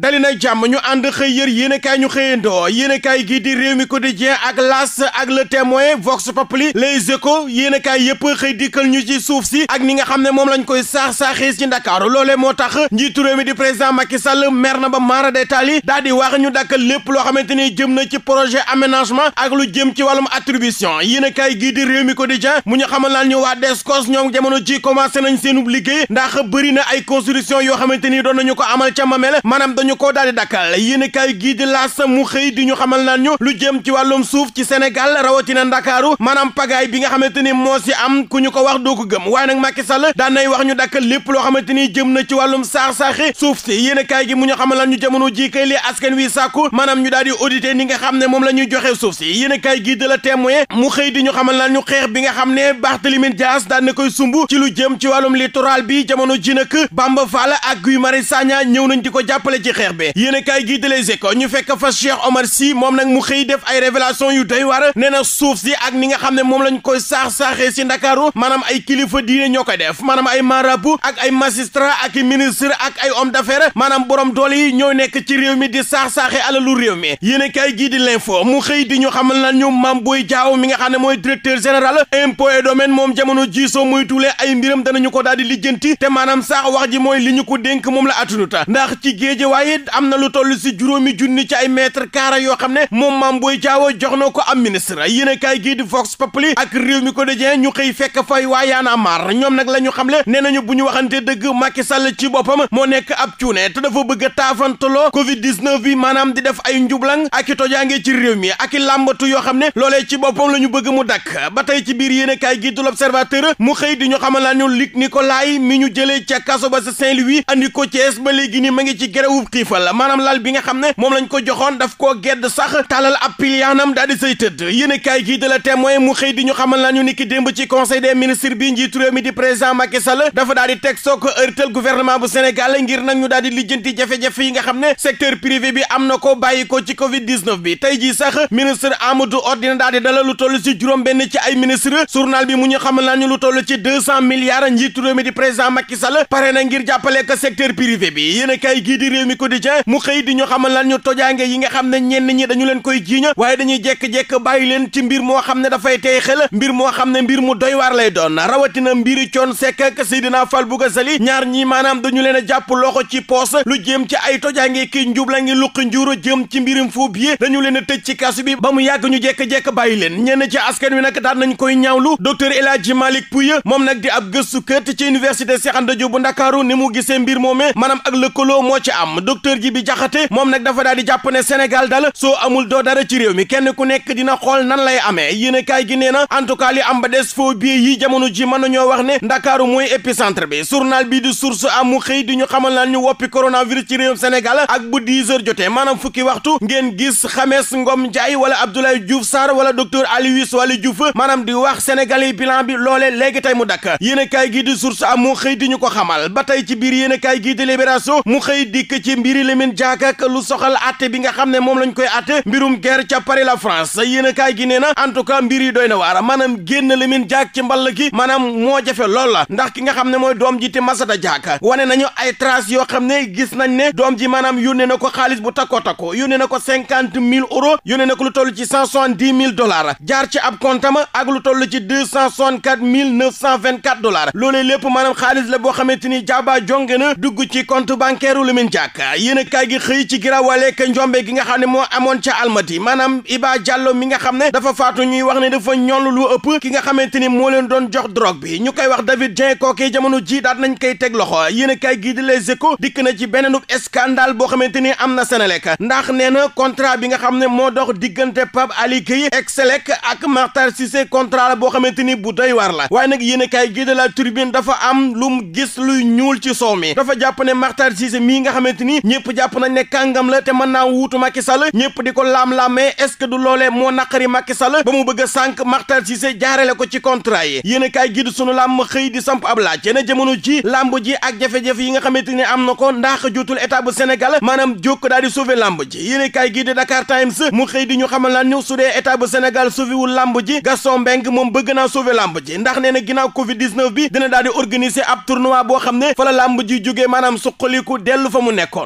dali nag jàmm ñu ànd xëy yër yéenekaay ñu xëyandoo yéenekaay gii di Rewmi Quotidien ak L'As ak Le Témoin Vox Populi Les Échos yéenekaay yëpp xëy dikkal ñu ci suuf si ak ni nga xam ne moom lañ koy saax-saaxee ci Ndakaaru loolee moo tax njiitu réew mi di président Macky Sall mer na ba maara détaal yi daal di wax ñu dàkkal lépp loo xamante ni jëm na ci projet aménagement ak lu jëm ci wàllum attribution yéenekaay gii di Rewmi Quotidien mu ñu xamal laan ñu waa Descos ñoom jamono ji commencé nañ seenub liggéey ndax bëri na ay construction yoo xamante ni doon nañu ko amal ca maanaam ñu ko daal di dakkal yéenekaay gii di laas mu xëy di ñu xamal naan ñu lu jëm ci wàllum suuf ci Sénégal rawatina Ndakaaru maanaam pagaay bi nga xamante ni moo si am ku ñu ko wax doo gëm waaye nag Macky Sall daan nay wax ñu dakkal lépp loo xamante ni jëm na ci wàllum saax-saaxi suuf si yéenekaay gi mu ñu xamal naan ñu jamono ji kay li askan wi sàkku maanaam ñu daal di auditer ni nga xam ne moom la ñuy joxe suuf si yéenekaay gii di la témoin mu xëy di ñu xamal naan ñu xeex bi nga xam ne Barthélémy Dias daan na koy sumb ci lu jëm ci wàllum littoral bi jamono ji nag Bamba Fall ak Guy Marius Sagna ñëw nañ di ko jàppale ci xeex bi yéen a kaay gii de ñu fekk fa Cheikh Omar Sy moom nag mu xëy def ay révélation yu doy war nee na suuf si ak ni nga xam ne moom lañ koy saax-saaxee si Ndakaaru maanaam ay kilifa diine ñoo koy def maanaam ay marabu ak ay magistrat ak ministre ak ay homme d'affaires maanaam borom doole yi ñoo nekk ci réew mi di saax ala alalu réew mi yéen a kaay gii di l'info mu xëy di ñu xamal na ñu Mame Boye jaaw mi nga xam ne mooy directeur général impôt et domaine moom jamono ji soo muy ay mbiram danañu ko daal di lijjanti te maanaam sax ji mooy li ñu ko dénk moom la atunuta ndax am na lu toll si juróomi junni ci ay mètre carré yoo xam ne moom Mame Boye Diao jox na ko am ministre yéenekaay gii di Vox Populi ak réew mi quotidien ñu xëy fekk fay waa Y'en a ñoom nag la ñu xam le nee nañu bu ñu waxante dëgg Macky Sall ci boppam moo nekk ab cuune te dafa bëgg a taafantaloo Covid 19 bi maanaam di def ay njublang ak i tojaange ci réew mi ak i làmbatu yoo xam ne loolee ci boppam la ñu bëgg mu dakk ba tey ci biir yéenekaay gii du L'Observateur mu xëy di ñu xamal laa ñu Luc Nicolaï mi ñu jëlee ca kaso ba sa saint andi ko Thiès ba léegi ni ma ngi ci gerewu xiifal la maanaam lal bi nga xam ne moom lañ ko joxoon daf koo gedd sax tàllal ab piliyaanam daal di say tëdd yéen kaay gii de la témoin mu xëy di ñu xamal nañu ni ki démb ci conseil des ministres bi njiitu réew mi di président Macky Sall dafa daal teg soo ko ërtal gouvernement bu Sénégal ngir nag ñu daal di lijjanti jafe-jafe yi nga xam ne secteur privé bi am na ko bàyyi ko ci Covid 19 bi tey jii sax ministre Amadou Ordina daal di dalal lu toll ci juróom benn ci ay ministre journal bi mu ñu xamal nañu lu toll ci deux cent milliards njiitu réew mi di président Macky Sall pare ngir jàppale ko secteur privé bi Quotidien mu xëy di ñu xamal lan ñu tojaange yi nga xam ne ñenn ñi dañu leen koy jiiña waaye dañuy jekk-jekk bàyyi leen ci mbir moo xam ne dafay tey xel mbir moo xam ne mbir mu doy waar lay doon rawatina mbiri coon sekk ak Seydina Fall Bougazelli ñaar ñi maanaam dañu leen a jàpp loxo ci poos lu jëm ci ay tojaange ki njub ngi luqi njuuru jëm ci mbirum fuub yi dañu leen a tëj ci kasu bi ba mu yàgg ñu jekk-jekk bàyyi leen ñenn ci askan wi nag daan nañ koy ñaawlu docteur El Hadji Malick Pouye moom nag di ab gëstu kët ci université Cheikh ni mu gisee mbir moomee maanaam ak docteur ji bi jaxate moom nag dafa daal di jàpp ne dal soo amul doo dara ci réew mi kenn ku nekk dina xool nan lay amee yéen gi nee na en tout cas li am ba des faux billets yi jamono ji mën nañoo wax ne ndakaaru mooy épicentre bi journal bi di source amu xëy di ñu xamal naan ñu woppi coronavirus ci réewum Sénégal ak bu 10 heures jotee maanaam fukki waxtu ngeen gis Xamees Ngom Ndiaye wala Abdoulaye Diouf Sarr wala docteur Aloyse Waly Diouf maanaam di wax sénégalais bilan bi loolee léegi tey mu dakk yéen a kaay di source amu xëy di ñu ko xamal ba tey ci biir yéen gi di libération mu xëy dikk ci mbiri Lamine Diack ak lu soxal atte bi nga xam ne moom lañ koy atte mbirum guerre ca Paris la France yéen a kaay gi nee na en tout cas mbir yi doy na waara maanaam génn Lamine Diack ci mball gi maanaam moo jafe lool la ndax ki nga xam ne mooy doom ji te Massata Diack wane nañu ay tras yoo xam ne gis nañ ne doom ji maanaam yónnee na ko xaalis bu takko takko ne na ko cinquante mille euros yónnee na ko lu toll ci cent soixante dix mille dollars jaar ci ab comptam ak lu toll ci deux cent soixante mille neuf cent vingt quatre dollars loolee lépp maanaam xaalis la boo xamante ni jaaba jonge dugg ci compte bancaire Lamine Diack yéen a kaay gi xëy ci giraawaleeg njombe gi nga xam ne moo amoon ca almati maanaam Iba Diallo mi nga xam ne dafa faatu ñuy wax ne dafa ñoll lu ëpp ki nga xamante ni moo leen doon jox drogue bi ñu koy wax David Dieng kookee jamono ji daat nañ koy teg loxo yéen a kaay gi di Les Échos dikk na ci beneenub scandale boo xamante ni am na Senelec ndax nee na contrat bi nga xam ne moo dox diggante Pape Ali Gueye Excelec ak Makhtar Cissé contrat la boo xamante ni bu doy war la waaye nag yéen a kaay gi de la Tribune dafa am lu gis luy ñuul ci soow mi ni ñëpp jàpp nañ ne kàngam la te mën naa wuutu Macky Sall ñëpp di ko laam-laamee est-ce que du loolee moo naqari Macky Sall ba mu bëgg a sànq Makhtar Cissé ko ci contrat yi yéen a kaay gi du sunu làmb xëy di samp ab laaj na jamono ji làmb ji ak jafe-jafe yi nga xamante ni am na ko ndax jotul état bu Sénégal maanaam jokk daal di sauver làmb ji yéen a kaay gi di Dakar Times mu xëy di ñu xamal lan ñu su dee état bu wul làmb ji Gaston moom bëgg naa sauver làmb ji ndax nee na ginnaaw Covid bi dina daal di boo xam ne fa la làmb ji jógee maanaam suqaliku dellu fa mu nekkoon